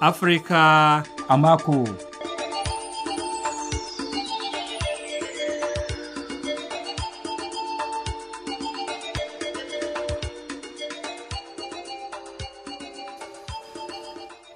Afirka a mako.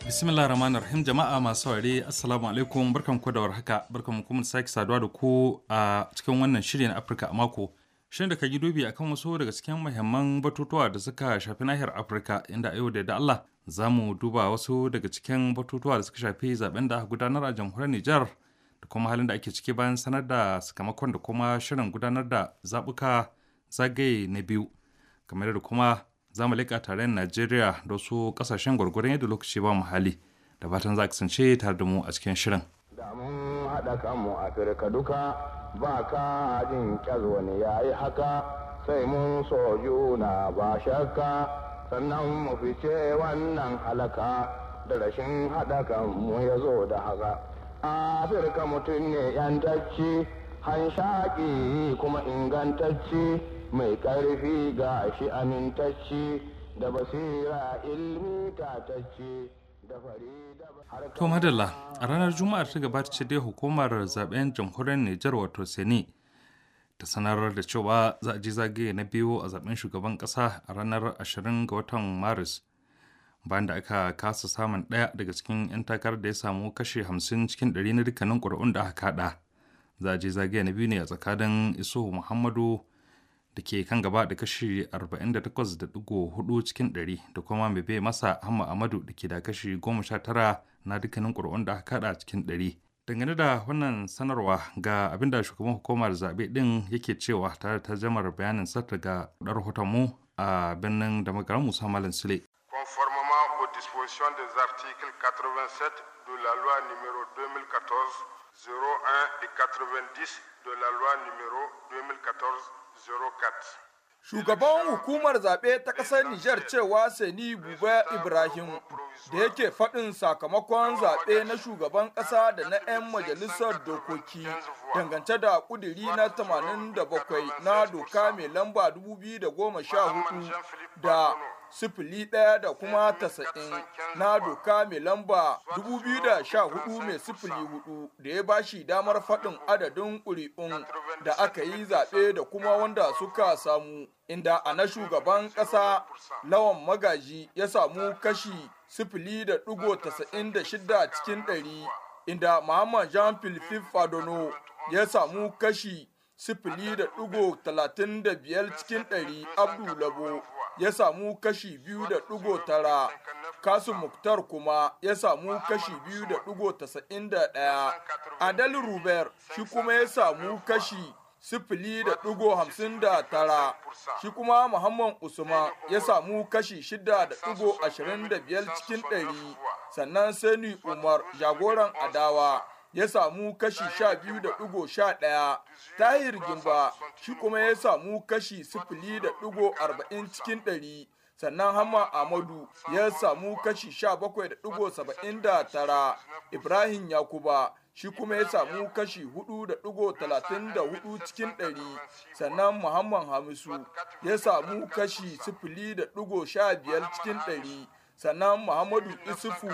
bismillah rahman rahim jama'a masu ware assalamu alaikum barkan ku da haka barkan kuma sake saduwa da ku a cikin wannan shiri na afirka a mako shirin da ka yi akan wasu daga cikin muhimman batutuwa da suka shafi nahiyar afirka inda a yau da da allah za mu duba wasu daga cikin batutuwa da suka shafi zaben da aka gudanar a jamhuriyar Nijar da kuma halin da ake ciki bayan sanar da sakamakon da kuma shirin gudanar da zabuka zagaye na biyu kamar da kuma za mu leƙa tarayyar Najeriya da wasu ƙasashen gwargwaron yadda lokaci ba mu hali da fatan za kasance tare da mu a cikin shirin. Da mun haɗa kanmu Afirka duka ba ka jin ƙyar wani ya yi haka sai mun soju na ba shakka sannan mu fice wannan halaka da rashin haɗa mu ya zo da haka. Afirka mutum ne yan ‘yantacci, hanshaƙi kuma ingantacci, mai ƙarfi ga shi amintacci, da basira ilmi tatacci. To Madalla, ranar Juma'ar ta gabata ce dai hukumar zaben jamhuriyar Nijar wato Seni ta sanarwar da cewa za a ji zagaye na biyu a zaben shugaban kasa a ranar 20 ga watan maris bayan da aka kasa samun ɗaya daga cikin 'yan takarar da ya samu kashe 50 cikin 100 na dukkanin ƙuri'un da aka kada za a je zagaye na biyu ne a tsakanin iso muhammadu da ke kan gaba da kashi 48.4 cikin 100 da kuma mai masa hamma amadu da ke da kashi 19 na dukkanin ƙuri'un da aka kada cikin 100 dangane da wannan sanarwa ga abin da shugaban hukumar zaɓe ɗin yake cewa tare ta jamar bayanin sa daga ɗar mu a birnin da magaran musa malam sule conformement aux dispositions des articles 87 de la loi numéro 2014 01 et 90 de la loi numéro 2014 04 Shugaban hukumar zaɓe ta ƙasar Nijar cewa Sani Buba Ibrahim da yake faɗin sakamakon zaɓe na shugaban ƙasa da na 'yan majalisar dokoki dangance da ƙudiri na 87 na doka mai lamba 2014 da sifili ɗaya da kuma tasa'in na doka mai lamba 2014 mai sifili hudu da ya bashi damar faɗin adadin ƙuri'un da aka yi zaɓe da kuma wanda suka samu inda a na shugaban ƙasa lawan magaji ya samu kashi sifili da ɗigo tasa'in da shida cikin ɗari inda muhammad jean philippe fadono ya samu kashi sifili da ɗigo talatin da biyar cikin ɗari abdu labo ya samu kashi biyu da ɗigo tara kasu muktar kuma ya samu kashi biyu da ɗigo tasa'in da ɗaya adal ruber shi kuma ya samu kashi sifili da ɗigo hamsin da tara shi kuma muhammad usman ya samu kashi shida da ɗigo ashirin da biyar cikin ɗari sannan sani umar jagoran adawa ya samu kashi sha biyu da ɗigo sha ɗaya tahir gimba shi kuma ya samu kashi sifili da ɗigo arba'in cikin ɗari sannan hama amadu ya samu kashi sha bakwai da ɗigo saba'in da tara ibrahim yakuba shi kuma ya samu kashi hudu da ɗigo talatin da hudu cikin ɗari sannan muhammad hamisu ya samu kashi sifili da ɗigo sha biyar cikin ɗari sannan muhammadu isufu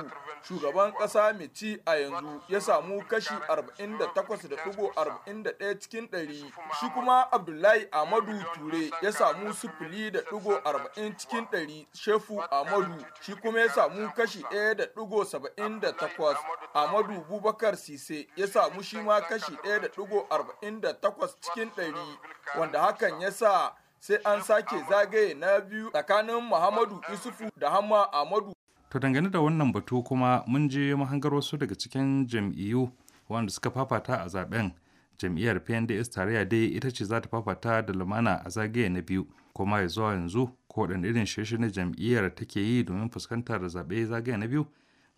shugaban kasa mai a yanzu ya samu kashi 48.41 cikin 100 shi kuma abdullahi amadu ture ya samu sufuli da 40 cikin 100 shefu amadu shi kuma ya samu kashi 1.78 amadu bubakar sise ya samu shi ma kashi 1.48 cikin 100 wanda hakan ya sa sai an sake zagaye na biyu tsakanin muhammadu isufu da hamma amadu to dangane da wannan batu kuma mun je mahangar wasu daga cikin jam'iyyu wanda suka fafata a zaben jam'iyyar pnds tarayya dai ita ce za ta fafata da lumana a zagaye na biyu kuma ya zuwa yanzu ko irin sheshe na jam'iyyar take yi domin fuskantar zaɓe zagaye na biyu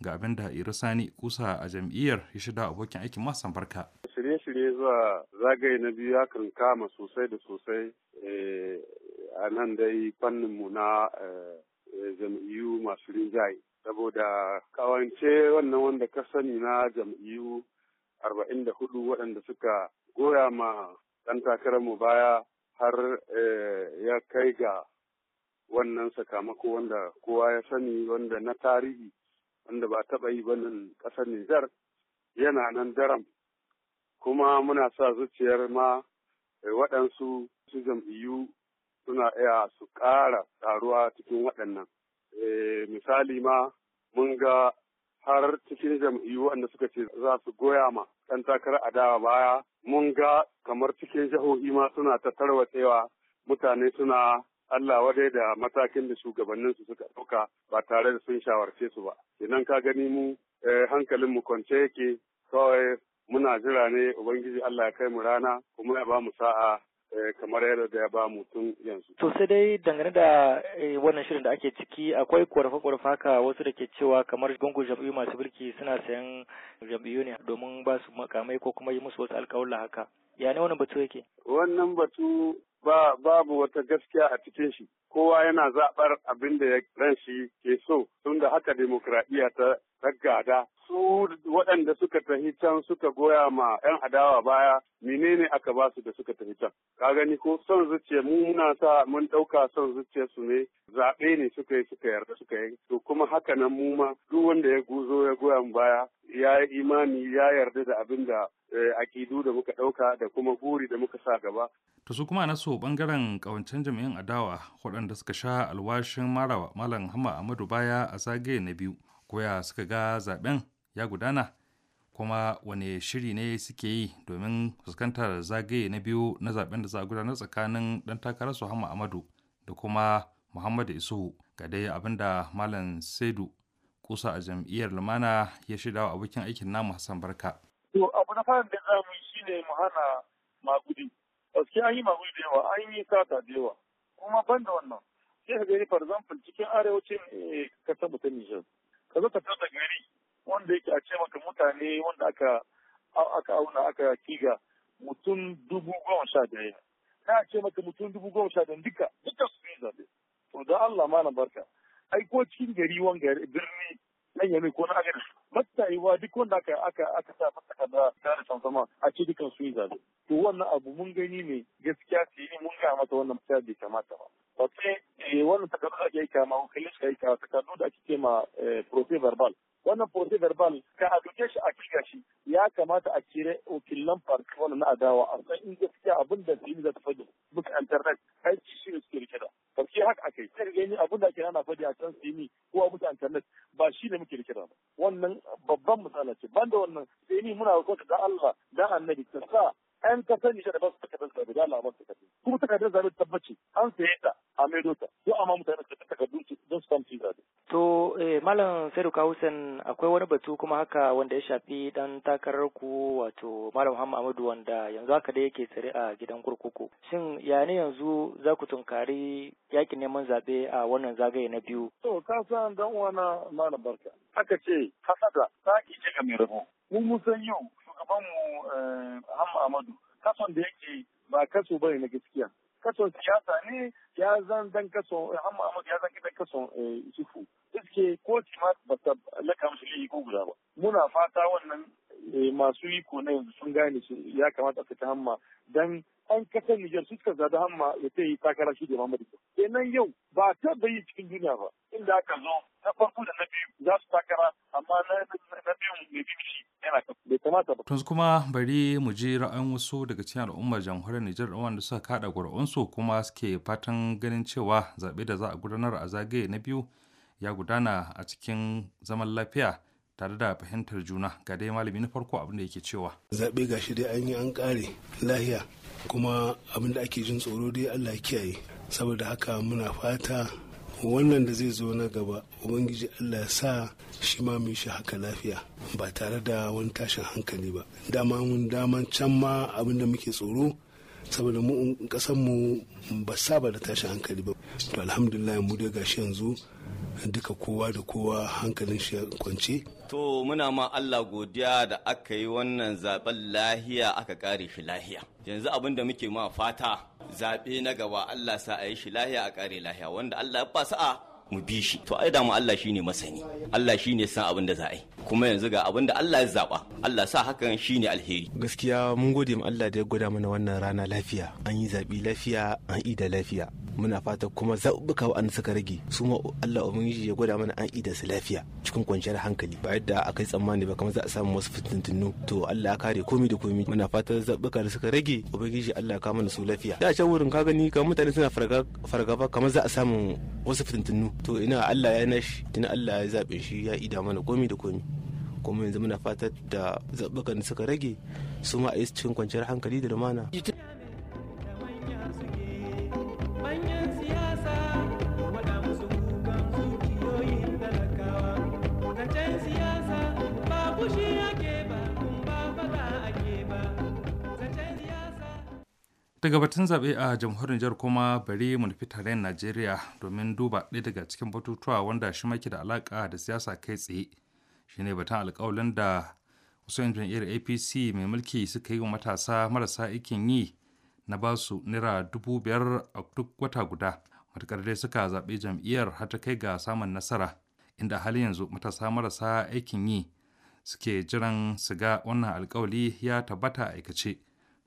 ga abin da Iro Sani kusa a jam'iyyar ya shida abokin aikin masu barka. Shirye-shirye zuwa zagaye na biyu ya kan kama sosai da sosai eh, a nan dai fannin mu na eh, eh, jam'iyyu masu rinjaye. Saboda kawance wannan wanda ka sani na jam'iyyu arba'in da hudu waɗanda suka goya ma ɗan takarar mu baya har ya kai ga wannan sakamako wanda kowa ya sani wanda na tarihi wanda ba taɓa yi ba nan ƙasar Nijar yana nan daram kuma muna sa zuciyar ma eh, waɗansu su jam'iyyu suna iya su ƙara ƙaruwa cikin waɗannan. Eh, misali ma mun ga har cikin jam'iyyu wanda suka ce za su goya ma ɗan takarar dawa baya mun ga kamar cikin jihohi ma suna ta tarwatsewa mutane suna Allah wadai da matakin da shugabanninsu suka ɗauka ba tare da sun shawarce su ba. Idan ka gani mu eh, hankalin mu kwance yake kawai muna jira ne Ubangiji Allah ya kai mu rana kuma ya ba mu sa'a eh, kamar yadda ya ba mu tun yanzu. To sai dai dangane da eh, wannan shirin da ake ciki akwai kwarfa-kwarfa haka wasu da ke cewa kamar gungun jam'iyyu masu birki suna sayan jam'iyyu ne domin ba su makamai ko kuma yi musu wasu alƙawalla haka. Ya ne wannan batu yake? Wannan batu babu wata gaskiya a cikin shi kowa yana zaɓar abin da ran shi ke so tun da haka demokradiyya ta daggada su waɗanda suka tafi can suka goya ma 'yan adawa baya menene aka ba su da suka tafi can ka gani ko son zuciya mu muna sa mun ɗauka son zuciya su ne zaɓe ne suka yi suka yarda suka yi to kuma haka nan mu ma duk wanda ya guzo ya goya mu baya ya yi imani ya yarda da abin da eh, akidu da muka ɗauka da kuma guri da muka sa gaba. To su kuma na so ɓangaren ƙawancen jami'an adawa waɗanda suka sha alwashin marawa Malam Hama Ahmadu baya a zagaye na biyu koya suka ga zaben ya gudana kuma wane shiri ne suke yi domin fuskantar zagaye na biyu na zaben da za a gudanar tsakanin ɗan takarar su Hama amadu da kuma Muhammadu Isuhu ga dai abin da Malam Saidu kusa a jam'iyyar Lumana ya shida wa abokin aikin namu Hassan Barka. To abu na fara da za mu yi shine mu hana magudi. Gaskiya an yi magudi da yawa, an yi sata da yawa. kuma ban da wannan sai ka gani for example cikin arewacin eh, ka ta Nijar ka zo ka tabbata gari wanda yake a ce maka mutane wanda aka aka auna aka kiga mutum dubu goma sha daya ka ce maka mutum dubu goma sha daya duka duka su ne zaɓe to da Allah na barka ai ko cikin gari wani birni nan yami ko na agadis mattayewa duk wanda aka aka aka sa masa kaza tare sama a ce dukan su yi zabe to wannan abu mun gani ne gaskiya ce mun ga mata wannan misali bai kamata ba eh wannan takardu da ake kama wakilin suka kai ka takardu da ake kema eh, profe verbal wannan profe verbal ka aduke shi a kiga shi ya kamata a kire wakilan farko wannan na adawa a san in gaskiya abin da su za ta fadi buka internet kai shi ne suke rike da gaskiya haka akai sai gani abin da ake nana fadi a can su ne muke kira ba wannan babban misala ce banda wannan sai ni muna roƙon da Allah da annabi ta sa an ka sani shi da basu takardar zabe da Allah ba su takardar kuma takardar zabe tabbace an saye ta a maido ta to amma mutane suka su don su samu zabe Malam Saidu Kawusen akwai wani batu kuma haka wanda ya shafi dan takarar ku wato Malam Muhammadu, wanda yanzu haka da yake tsare a gidan kurkuku. Shin ya ne yanzu za ku tunkari yakin neman zaɓe a wannan zagaye na biyu? To ka san dan uwana Malam Barka. Aka ce hasada ta ki ga mai rabo. mu mun san yau shugabanmu eh, Muhammadu Amadu kason da yake ba kaso bane na gaskiya. kaso siyasa ne ya zan dan kaso hamma ya zan dan kaso isufu eh, iske ko ma ba ta laka musu ko guda ba muna fata wannan eh, masu iko na yanzu sun gane ya kamata ka ta hamma dan an kasar Nijar su suka zaɗi hamma ya ta yi takara shi da Kenan yau ba ta bayi cikin duniya ba inda aka zo na farko da na biyu za su takara amma na tun su kuma bari mu ji ra'ayin wasu daga cikin al'ummar jamhuriyar Nijar wanda suka kada ƙuri'unsu kuma suke fatan ganin cewa zaɓe da za a gudanar a zagaye na biyu ya gudana a cikin zaman lafiya. tare da fahimtar juna ga dai malami na farko abin da yake cewa zaɓe ga shi dai an yi an ƙare lahiya kuma abin da ake jin tsoro dai allah ya kiyaye saboda haka muna fata wannan da zai zo na gaba ubangiji allah ya sa shi ma mai shi haka lafiya ba tare da wani tashin hankali ba dama mun daman can ma abinda muke tsoro saboda mu kasan mu ba saba da tashin hankali ba to alhamdulillah mu dai gashi yanzu duka kowa da kowa hankalin shi kwance to muna ma Allah godiya da aka yi wannan zaben lahiya aka kare shi lahiya yanzu abin da muke ma fata zaɓe na gaba Allah sa a yi shi lahiya a kare lahiya wanda Allah ya ba sa'a mu bi shi to ai da mu Allah shine masani Allah shine san abin da za a yi kuma yanzu ga abin da Allah ya zaba Allah sa hakan shine alheri gaskiya mun gode mu Allah da ya gwada mana wannan rana lafiya an yi zabi lafiya an da lafiya muna fata kuma zaɓuɓɓuka an suka rage su ma Allah ubangiji ya gwada mana an da su lafiya cikin kwanciyar hankali ba yadda akai tsammani ba kamar za a samu wasu fitintunu to Allah ya kare komai da komai muna fata zaɓuɓɓuka da suka rage ubangiji Allah ya kawo mana su lafiya da a can wurin ka gani kamar mutane suna fargaba kamar za a samu wasu to ina Allah ya nashi tun Allah ya zaɓe shi ya ida mana komi da komi kuma yanzu muna fatar da zaɓukan da suka rage su ma a yi cikin kwanciyar hankali da lumana. daga batun zaɓe a jamhuriyar Nijar kuma bari mu nufi tarayyar Najeriya domin duba ɗaya daga cikin batutuwa wanda shi maki da alaƙa da siyasa kai tsaye shine batun alƙawalin da wasu 'yan jam'iyyar APC mai mulki suka yi wa matasa marasa aikin yi na basu naira dubu biyar a duk wata guda matuƙar dai suka zaɓi jam'iyyar har ta kai ga samun nasara inda halin yanzu matasa marasa aikin yi suke jiran su ga wannan alƙawali ya tabbata aikace.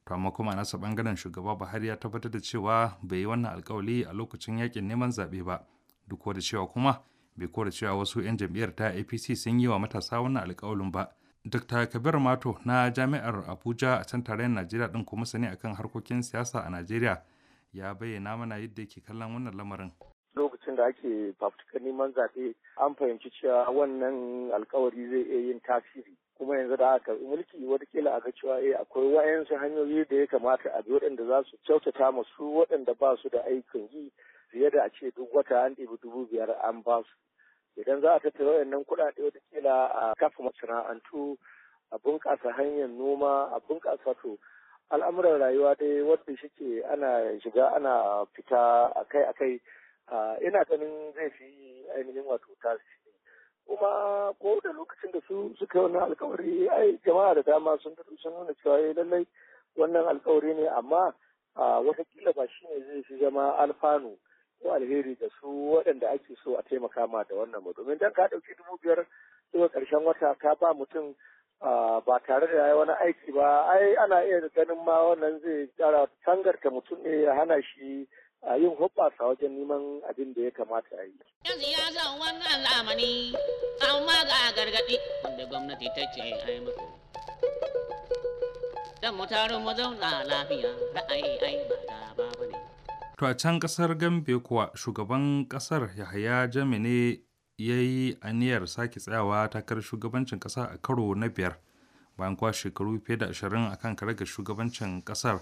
to amma kuma nasa bangaren shugaba buhari ya tabbatar da cewa bai yi wannan alkawali a lokacin yakin neman zaɓe ba duk da cewa kuma bai kora cewa wasu 'yan jam'iyyar ta apc sun yi wa matasa wannan alkawalin ba dr kabir mato na jami'ar abuja a can tarayyar najeriya din kuma sani akan harkokin siyasa a najeriya ya bayyana mana yadda yake kallon wannan lamarin lokacin da ake fafutukar neman zaɓe an fahimci cewa wannan alkawari zai iya yin tasiri kuma yanzu da aka karɓi mulki watakila a ga cewa eh akwai wayansu hanyoyi da ya kamata a bi waɗanda za su kyautata masu waɗanda ba su da aikin yi fiye da a ce duk wata an ɗibi dubu biyar an ba su idan za a tattara waɗannan kuɗaɗe watakila a kafa masana'antu a bunƙasa hanyar noma a bunƙasa to al'amuran rayuwa dai wadda shike ana shiga ana fita akai-akai ina ganin zai fi ainihin wato tasiri kuma ko da lokacin da su suka yi wannan alkawari ai jama'a da dama sun fito sun nuna cewa eh lallai wannan alkawari ne amma watakila ba shi ne zai fi zama alfanu ko alheri da su waɗanda ake so a taimaka ma da wannan mu domin dan ka ɗauki dubu biyar zuwa ƙarshen wata ka ba mutum ba tare da yayi wani aiki ba ai ana iya ganin ma wannan zai tsara tangarta mutum ne ya hana shi a yin hoɓɓasa wajen neman abin da ya kamata a yi. yanzu ya zan wannan zamani amma ga gargaɗi wanda gwamnati ta ce a yi musu. Dan mu taru mu zauna lafiya ra'ayi yi ba da ba ne. To a can ƙasar Gambe kuwa shugaban ƙasar Yahaya Jamine ya yi aniyar sake tsayawa takar shugabancin ƙasa a karo na biyar bayan kuwa shekaru fiye da ashirin akan ga shugabancin ƙasar.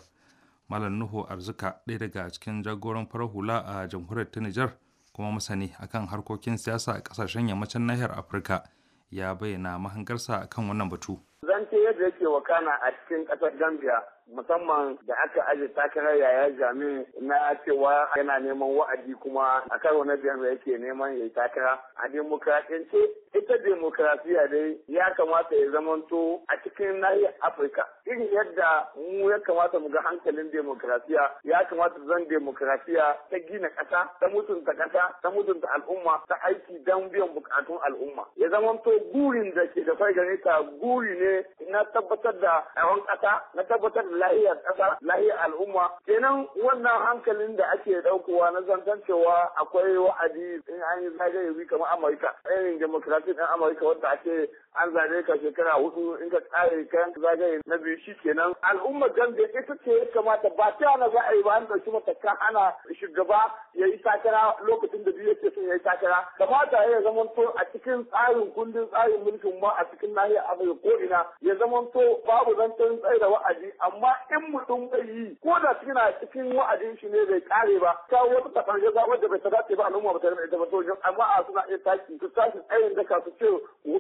malam nuhu arzuka ɗaya daga cikin jagoran farar hula a jamhuriyar ta nijar kuma masani akan harkokin siyasa a ƙasashen yammacin nahiyar afirka ya bayyana mahangarsa kan wannan batu Zan Zance yadda yake wakana a cikin ƙasar Gambia musamman da aka aje takarar yaya jami na cewa yana neman wa'adi kuma a karo na biyar da yake neman ya yi takara a demokrasiyance ita demokrasiya dai ya kamata ya zamanto a cikin nahiyar afirka irin yadda mu ya kamata mu ga hankalin demokrasiya ya kamata zan demokrasiya ta gina ƙasa ta mutunta ƙasa ta mutunta al'umma ta aiki don biyan bukatun al'umma ya zamanto gurin da ke da fai gare ta guri ne ne na tabbatar da yawan ƙasa na tabbatar da lahiyar ƙasa lahiyar al'umma kenan wannan hankalin da ake ɗaukowa na zantan cewa akwai wa'adi in an yi zagaye bi kamar amurka irin demokrasi ɗin amurka wanda ake an zagaye ka shekara hudu in ka tsare kan zagaye na biyu shi kenan al'umma gande ita ce ya kamata ba ta na za a yi ba an ɗauki matakan ana shugaba ya yi takara lokacin da biyu yake son ya yi takara kamata ya zama a cikin tsarin kundin tsarin mulkin ma a cikin nahiyar amurka ko ina ya ya zamanto babu zancen tsaye da wa'adi amma in mutum bai yi ko da suna cikin wa'adin shi ne bai kare ba kawo wata ya ba da bai dace ba al'umma ba ta ita ba sojin amma a suna iya taki su tashi tsayin daka su ce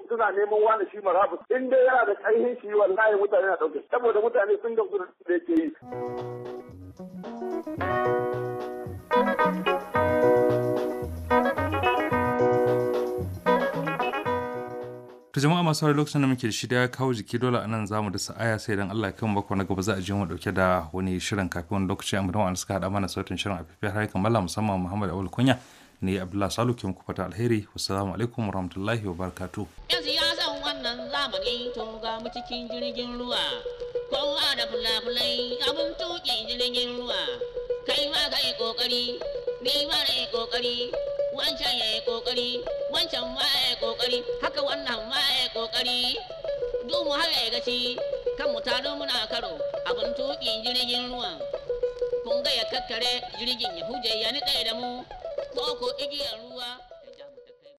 suna neman wani shi marabus in dai yana da ƙarfin shi wallahi mutane na ɗauke saboda mutane sun gamsu da yake yi. jama'a masu sauri lokacin da muke da shida ya kawo jiki dole a nan zamu da aya sai dan Allah kan bako na gaba za a je mu dauke da wani shirin kafin wani lokaci amma dan suka hada mana sautin shirin a fifiyar har mallam musamman Muhammad Awul Kunya ne Abdullahi Salu ke muku fata alheri assalamu alaikum warahmatullahi wabarakatuh yanzu ya san wannan zamani to ga mu cikin jirgin ruwa kowa da fulafulai abun tuƙe jirgin ruwa kai ma kai kokari ni ma kokari wancan ya yi kokari wancan ma ya yi kokari haka wannan ma ya yi kokari duk mu har ya gaci kan mu taro muna karo abin tuƙin jirgin ruwan kun ga ya kakkare jirgin ya huje ya niɗe da mu ko ko igiyar ruwa